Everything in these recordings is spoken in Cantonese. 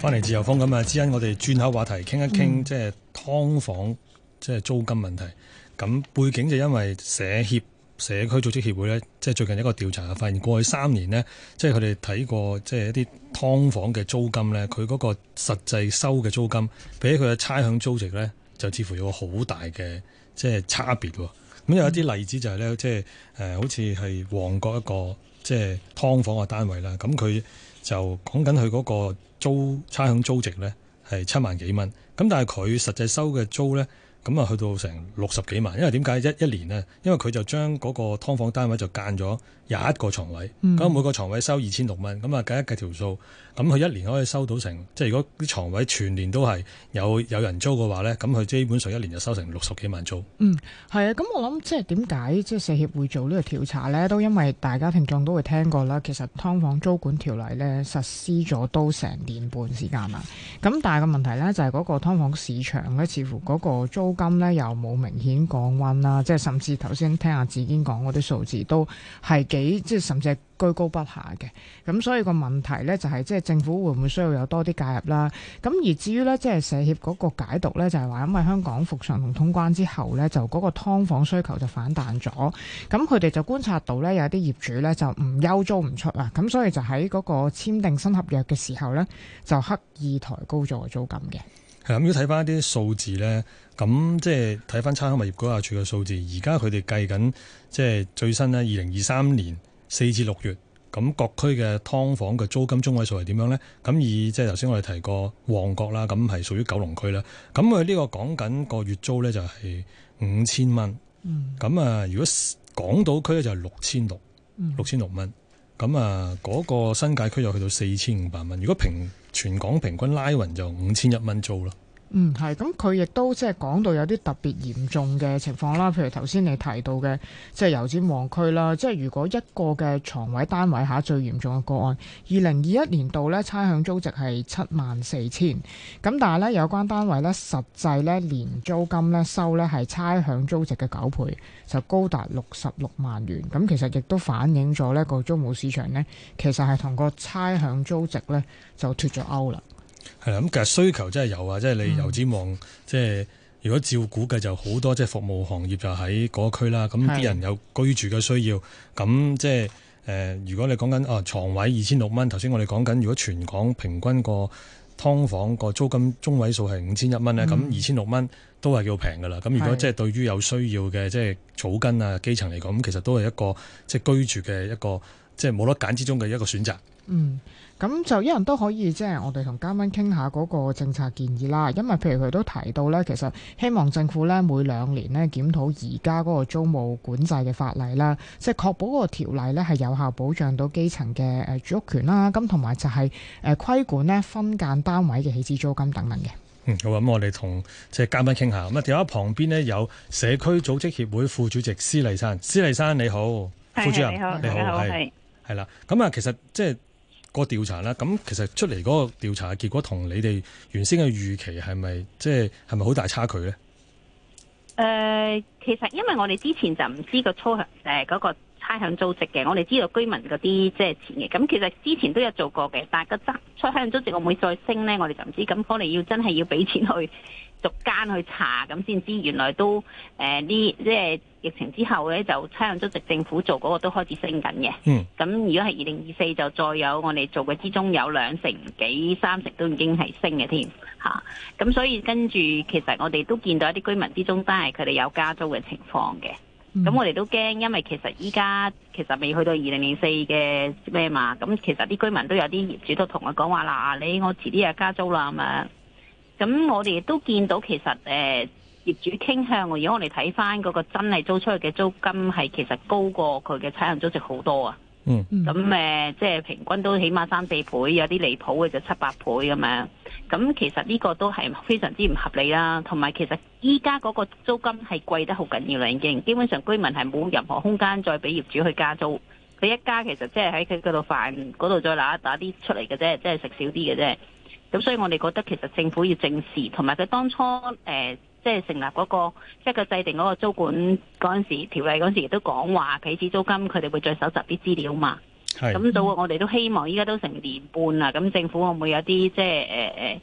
翻嚟自由風咁啊！之恩我哋轉口話題，傾一傾即係㓥房即係、就是、租金問題。咁背景就因為社協社區組織協會呢，即、就、係、是、最近一個調查發現，過去三年呢，即係佢哋睇過即係、就是、一啲劏房嘅租金呢，佢嗰個實際收嘅租金，比起佢嘅差餉租值呢，就似乎有好大嘅即係差別喎。咁有一啲例子就係、是、呢，即、就、係、是呃、好似係旺角一個即係劏房嘅單位啦，咁佢，就講緊佢嗰個租差餉租值呢係七萬幾蚊。咁但係佢實際收嘅租呢，咁啊，去到成六十幾萬，因為點解一一年咧？因為佢就將嗰個劏房單位就間咗廿一個床位，咁、嗯、每個床位收二千六蚊，咁啊計一計條數，咁佢一年可以收到成，即係如果啲床位全年都係有有人租嘅話咧，咁佢基本上一年就收成六十幾萬租。嗯，係啊，咁我諗即係點解即係社協會做這個呢個調查咧？都因為大家聽眾都會聽過啦，其實劏房租管條例咧實施咗都成年半時間啦。咁但係個問題咧就係、是、嗰個劏房市場咧，似乎嗰個租租金咧又冇明顯降温啦，即係甚至頭先聽阿子堅講嗰啲數字都係幾，即係甚至係居高不下嘅。咁所以個問題咧就係即係政府會唔會需要有多啲介入啦？咁而至於咧即係社協嗰個解讀咧就係話，因為香港復常同通關之後咧就嗰個劏房需求就反彈咗，咁佢哋就觀察到咧有啲業主咧就唔憂租唔出啦，咁所以就喺嗰個簽訂新合約嘅時候咧就刻意抬高咗租金嘅。咁要睇翻啲數字咧，咁即係睇翻差餉物業估價署嘅數字。而家佢哋計緊，即係最新咧，二零二三年四至六月，咁各區嘅劏房嘅租金中位數係點樣咧？咁以即係頭先我哋提過旺角啦，咁係屬於九龍區啦。咁佢呢個講緊個月租咧就係五千蚊。咁、嗯、啊，如果港島區咧就係六千六，六千六蚊。咁啊，嗰個新界區又去到四千五百蚊，如果平全港平均拉勻就五千一蚊租咯。嗯，係，咁佢亦都即係講到有啲特別嚴重嘅情況啦，譬如頭先你提到嘅，就是，即係油尖旺區啦，即係如果一個嘅床位單位下最嚴重嘅個案，二零二一年度咧差餉租值係七萬四千，咁但係咧有關單位咧實際咧年租金咧收咧係差餉租值嘅九倍，就高達六十六萬元，咁其實亦都反映咗呢個租務市場呢，其實係同個差餉租值咧就脫咗鈎啦。係啦，咁其實需求真係有啊，即係你有展望，即係如果照估計就好多即係服務行業就喺嗰個區啦。咁啲人有居住嘅需要，咁即係誒，如果你講緊啊床位二千六蚊，頭先我哋講緊如果全港平均個劏房個租金中位數係五千一蚊咧，咁二千六蚊都係叫平噶啦。咁如果即係對於有需要嘅即係草根啊基層嚟講，其實都係一個即係居住嘅一個。就是即係冇得揀之中嘅一個選擇。嗯，咁就一樣都可以，即係我哋同嘉賓傾下嗰個政策建議啦。因為譬如佢都提到呢，其實希望政府呢每兩年呢檢討而家嗰個租務管制嘅法例啦，即係確保個條例呢係有效保障到基層嘅誒住屋權啦。咁同埋就係誒規管呢分間單位嘅起始租金等等嘅、嗯嗯。好咁我哋同即係嘉賓傾下。咁啊，電話旁邊呢，有社區組織協會副主席施麗珊，施麗珊你，你好，副主任，你好，大家好。係啦，咁啊，其實即係個調查啦，咁其實出嚟嗰個調查嘅結果同你哋原先嘅預期係咪即係係咪好大差距咧？誒、呃，其實因為我哋之前就唔知個粗核誒嗰個。差餉租值嘅，我哋知道居民嗰啲即係錢嘅，咁其實之前都有做過嘅，但係個差差餉租值會唔會再升咧？我哋就唔知，咁可能真要真係要俾錢去逐間去查，咁先知原來都誒呢，即、呃、係疫情之後咧就差餉租值政府做嗰個都開始升緊嘅。嗯，咁如果係二零二四就再有我哋做嘅之中有兩成幾、三成都已經係升嘅添，吓、啊，咁所以跟住，其實我哋都見到一啲居民之中都係佢哋有加租嘅情況嘅。咁、嗯、我哋都驚，因為其實依家其實未去到二零零四嘅咩嘛，咁其實啲居民都有啲業主都同我講話啦，你我遲啲又加租啦咁樣。咁我哋都見到其實誒、呃、業主傾向，如果我哋睇翻嗰個真係租出去嘅租金，係其實高過佢嘅差餉租值好多啊。嗯，嗯，咁、呃、誒，即係平均都起碼三四倍，有啲離譜嘅就七八倍咁樣。咁其實呢個都係非常之唔合理啦。同埋其實依家嗰個租金係貴得好緊要啦已經。基本上居民係冇任何空間再俾業主去加租。佢一加其實即係喺佢嗰度飯嗰度再拿一打啲出嚟嘅啫，即係食少啲嘅啫。咁所以我哋覺得其實政府要正視，同埋佢當初誒。呃即係成立嗰、嗰個，即係佢制定嗰個租管嗰陣時條例嗰陣時，亦都講話起始租金，佢哋會再搜集啲資料嘛。咁到我哋都希望，依家都成年半啦。咁政府會唔會有啲即係、呃、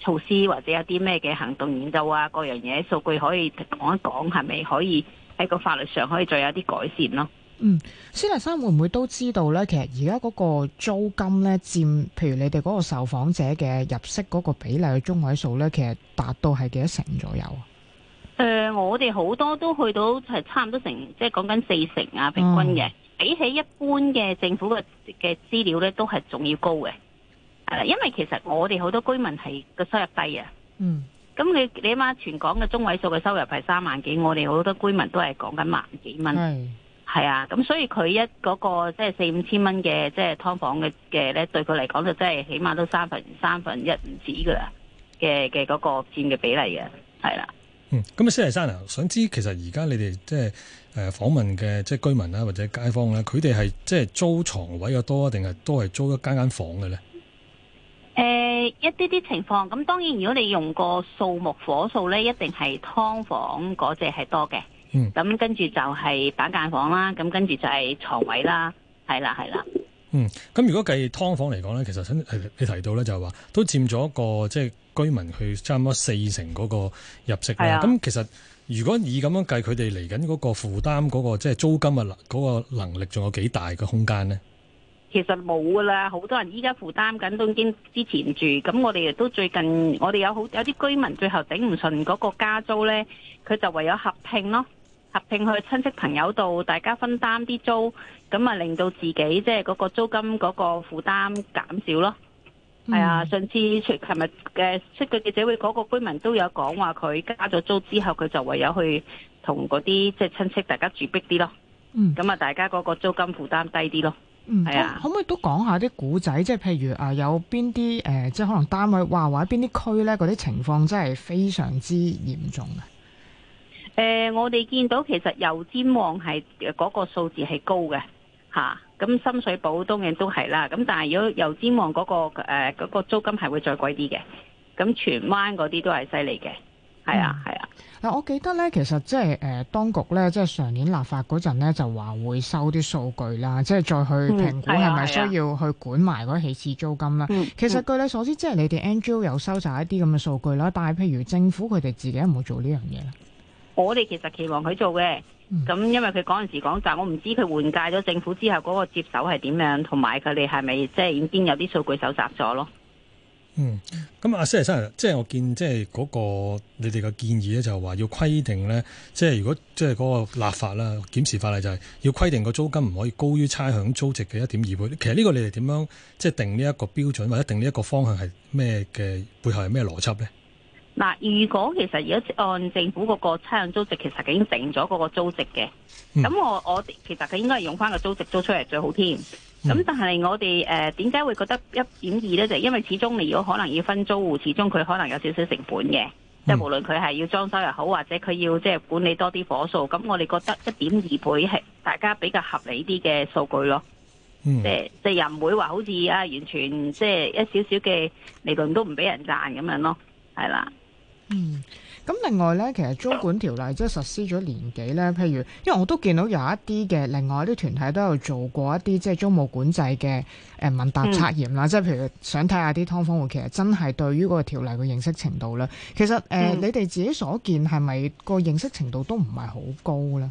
措施，或者有啲咩嘅行動研究啊？各樣嘢數據可以講一講，係咪可以喺個法律上可以再有啲改善咯？嗯，施麗珊會唔會都知道咧？其實而家嗰個租金咧，佔譬如你哋嗰個受訪者嘅入息嗰個比例嘅中位數咧，其實達到係幾多成左右啊？誒、呃，我哋好多都去到係差唔多成，即係講緊四成啊，平均嘅、嗯、比起一般嘅政府嘅嘅資料咧，都係仲要高嘅係啦。因為其實我哋好多居民係個收入低啊，嗯，咁你你起碼全港嘅中位數嘅收入係三萬幾，我哋好多居民都係講緊萬幾蚊係啊，咁所以佢一嗰個即係四五千蚊嘅即係劏房嘅嘅咧，對佢嚟講就真係起碼都三分三分一唔止噶啦嘅嘅嗰個佔嘅比例嘅，係啦、啊。嗯，咁啊，施麗珊啊，想知道其實而家你哋即係誒訪問嘅即係居民啦、啊、或者街坊咧、啊，佢哋係即係租床位嘅多啊，定係都係租一間間房嘅咧？誒、呃，一啲啲情況，咁當然如果你用過數目火數咧，一定係劏房嗰隻係多嘅。嗯，咁跟住就係板間房啦，咁跟住就係床位啦，係啦係啦。嗯，咁如果計劏房嚟講呢，其實你提到呢，就係話都佔咗個即係居民去差唔多四成嗰個入息啦。咁其實如果以咁樣計，佢哋嚟緊嗰個負擔嗰個即係、就是、租金啊嗰個能力，仲有幾大嘅空間呢？其實冇噶啦，好多人依家負擔緊都已經之前住，咁我哋亦都最近，我哋有好有啲居民最後頂唔順嗰個加租呢，佢就唯有合拼咯。合併去親戚朋友度，大家分擔啲租，咁啊令到自己即係嗰個租金嗰個負擔減少咯。係、嗯、啊、哎，上次除係咪即識佢記者會嗰個居民都有講話，佢加咗租之後，佢就唯有去同嗰啲即係親戚大家住逼啲咯。咁、嗯、啊，大家嗰個租金負擔低啲咯。係、嗯、啊、哎，可唔可以都講下啲古仔？即係譬如啊，有邊啲誒，即係可能單位話話喺邊啲區咧，嗰啲情況真係非常之嚴重嘅。誒、呃，我哋見到其實油尖旺係嗰個數字係高嘅吓，咁、啊、深水埗當然都係啦。咁但係如果油尖旺嗰，那個誒嗰、呃那個租金係會再貴啲嘅，咁荃灣嗰啲都係犀利嘅，係啊係啊。嗱、啊嗯啊，我記得咧，其實即係誒，當局咧即係上年立法嗰陣咧，就話會收啲數據啦，即係再去評估係咪、嗯啊啊、需要去管埋嗰起始租金啦。嗯嗯、其實據你所知，即係你哋 N G O 有收集一啲咁嘅數據啦，但係譬如政府佢哋自己有冇做呢樣嘢咧？我哋其實期望佢做嘅，咁因為佢嗰陣時講晒，我唔知佢換屆咗政府之後嗰個接手係點樣，同埋佢哋係咪即係已經有啲數據搜集咗咯？嗯，咁阿施先生，即係我見即係嗰個你哋嘅建議咧，就係話要規定咧，即係如果即係嗰個立法啦、檢視法例就係要規定個租金唔可以高於差餉租值嘅一點二倍。其實呢個你哋點樣即係定呢一個標準，或者定呢一個方向係咩嘅背後係咩邏輯咧？嗱，如果其實如果按政府嗰個差餉租值，其實已經定咗嗰個租值嘅，咁、嗯、我我其實佢應該係用翻個租值租出嚟最好添。咁、嗯、但係我哋誒點解會覺得一點二咧？就係、因為始終你如果可能要分租戶，始終佢可能有少少成本嘅、嗯，即係無論佢係要裝修又好，或者佢要即係管理多啲火數，咁我哋覺得一點二倍係大家比較合理啲嘅數據咯。即係即係又唔會話好似啊完全即係一少少嘅利潤都唔俾人賺咁樣咯，係啦。嗯，咁另外咧，其實租管條例即係實施咗年幾咧，譬如因為我都見到有一啲嘅另外啲團體都有做過一啲即係租務管制嘅誒問答測驗啦，即、嗯、係譬如想睇下啲劏房戶其實真係對於個條例嘅認識程度啦，其實、呃嗯、你哋自己所見係咪個認識程度都唔係好高咧？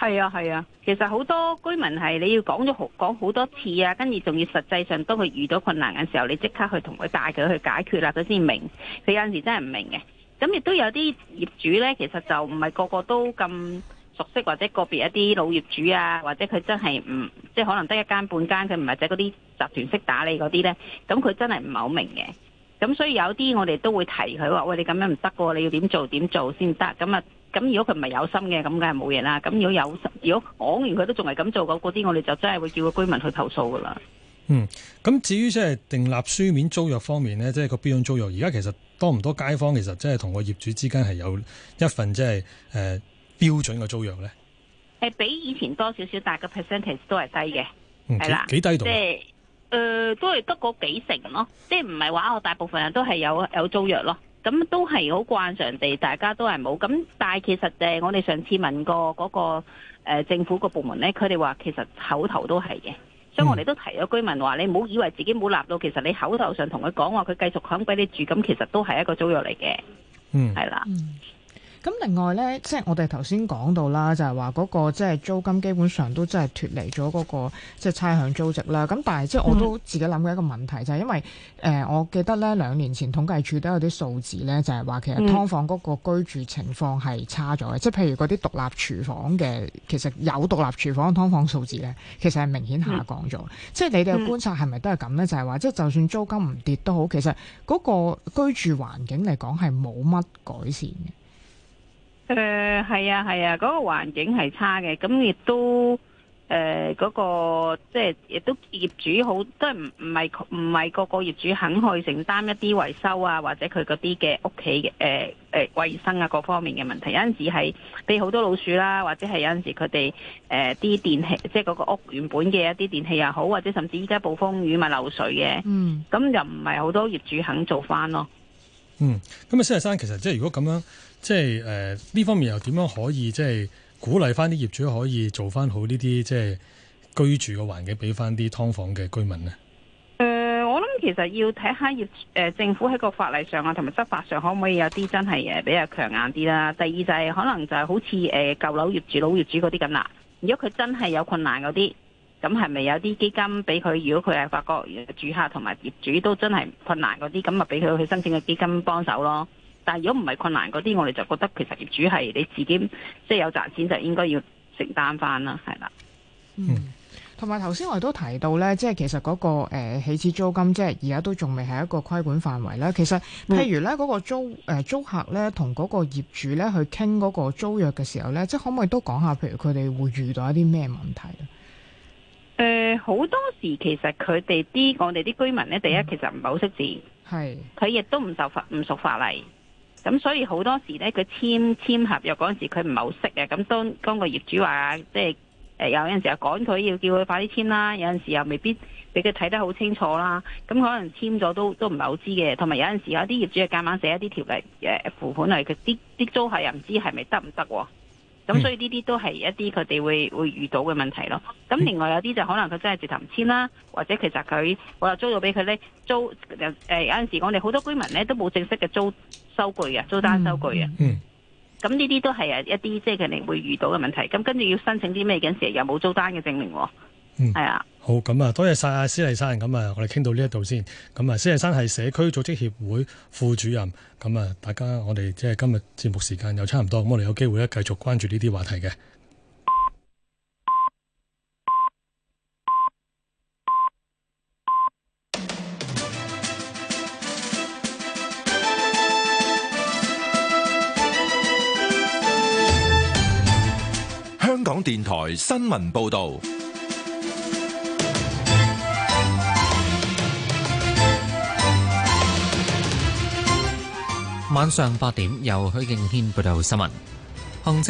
係啊係啊，其實好多居民係你要講咗好講好多次啊，跟住仲要實際上當佢遇到困難嘅時候，你即刻去同佢帶佢去解決啦，佢先明。佢有陣時真係唔明嘅，咁亦都有啲業主呢，其實就唔係個個都咁熟悉，或者個別一啲老業主啊，或者佢真係唔即係可能得一間半間，佢唔係即嗰啲集團式打理嗰啲呢。咁佢真係唔係好明嘅。咁所以有啲我哋都會提佢話：喂，你咁樣唔得喎，你要點做點做先得咁啊！咁如果佢唔係有心嘅，咁梗係冇嘢啦。咁如果有心，如果講完佢都仲係咁做嗰啲，我哋就真係會叫個居民去投訴噶啦。嗯，咁至於即係訂立書面租約方面咧，即係個標準租約，而家其實多唔多街坊其實即係同個業主之間係有一份即係誒標準嘅租約咧？係比以前多少少，但係個 percentage 都係低嘅，係啦，嗯，幾，幾低度，即係誒都係得嗰幾成咯，即係唔係話我大部分人都係有有租約咯。咁都係好慣常地，大家都係冇咁，但係其實誒，我哋上次問過嗰個、那個、呃、政府個部門咧，佢哋話其實口頭都係嘅，所以我哋都提咗居民話：你唔好以為自己冇立到，其實你口頭上同佢講話，佢繼續肯俾你住，咁其實都係一個租約嚟嘅，係、嗯、啦。咁另外咧，即係我哋頭先講到啦，就係話嗰個即係、就是、租金基本上都真係脫離咗嗰個即係、就是、差餉租值啦。咁但係即係我都自己諗過一個問題、嗯、就係、是，因為誒、呃、我記得咧兩年前統計處都有啲數字咧，就係、是、話其實劏房嗰個居住情況係差咗嘅、嗯。即係譬如嗰啲獨立廚房嘅，其實有獨立廚房嘅劏房數字咧，其實係明顯下降咗、嗯。即係你哋嘅觀察係咪都係咁咧？就係話即係就算租金唔跌都好，其實嗰個居住環境嚟講係冇乜改善嘅。誒、呃，係啊，係啊，嗰、那個環境係差嘅，咁亦都誒，嗰、呃那個即係亦都業主好，即係唔唔係唔係個個業主肯去承擔一啲維修啊，或者佢嗰啲嘅屋企嘅誒誒衛生啊各方面嘅問題，有陣時係俾好多老鼠啦，或者係有陣時佢哋誒啲電器，即係嗰個屋原本嘅一啲電器又好，或者甚至依家暴風雨咪漏水嘅，嗯，咁又唔係好多業主肯做翻咯。嗯，咁啊，施麗珊，其實即係如果咁樣。即係誒呢方面又點樣可以即係鼓勵翻啲業主可以做翻好呢啲即係居住嘅環境，俾翻啲劏房嘅居民呢？誒、呃，我諗其實要睇下業、呃、政府喺個法例上啊，同埋執法上可唔可以有啲真係誒、呃、比較強硬啲啦？第二就係、是、可能就係好似誒舊樓業主、老業主嗰啲咁啦。如果佢真係有困難嗰啲，咁係咪有啲基金俾佢？如果佢係發覺住客同埋業主都真係困難嗰啲，咁咪俾佢去申請個基金幫手咯。但如果唔係困難嗰啲，我哋就覺得其實業主係你自己，即係有賺錢就應該要承擔翻啦，係啦。嗯，同埋頭先我哋都提到咧，即係其實嗰個、呃、起始租金，即係而家都仲未係一個規管範圍啦。其實譬如咧嗰個租誒、嗯呃、租客咧，同嗰個業主咧去傾嗰個租約嘅時候咧，即係可唔可以都講下，譬如佢哋會遇到一啲咩問題？誒、呃，好多時其實佢哋啲我哋啲居民咧，第一其實唔係好識字，係佢亦都唔受法唔熟法例。咁所以好多時咧，佢簽簽合約嗰陣時，佢唔係好識嘅。咁當當個業主話，即係誒有陣時又趕佢要叫佢快啲簽啦，有陣時又未必俾佢睇得好清楚啦。咁可能簽咗都都唔係好知嘅。同埋有陣時有啲業主又夾硬寫一啲條例誒付款嚟，佢啲啲租客又唔知係咪得唔得喎？咁所以呢啲都係一啲佢哋會會遇到嘅問題咯。咁另外有啲就可能佢真係直頭唔簽啦，或者其實佢、欸、我又租咗俾佢咧，租誒有陣時我哋好多居民咧都冇正式嘅租收據嘅，租單收據嘅。嗯。咁呢啲都係啊一啲即係佢哋會遇到嘅問題。咁跟住要申請啲咩嘅時候又冇租單嘅證明喎。係、嗯、啊，好，咁啊，多謝晒啊，施麗珊，咁啊，我哋傾到呢一度先，咁啊，施麗珊係社區組織協會副主任，咁啊，大家，我哋即係今日節目時間又差唔多，咁我哋有機會咧繼續關注呢啲話題嘅。香港電台新聞報道。晚上八點，由許敬軒報道新聞。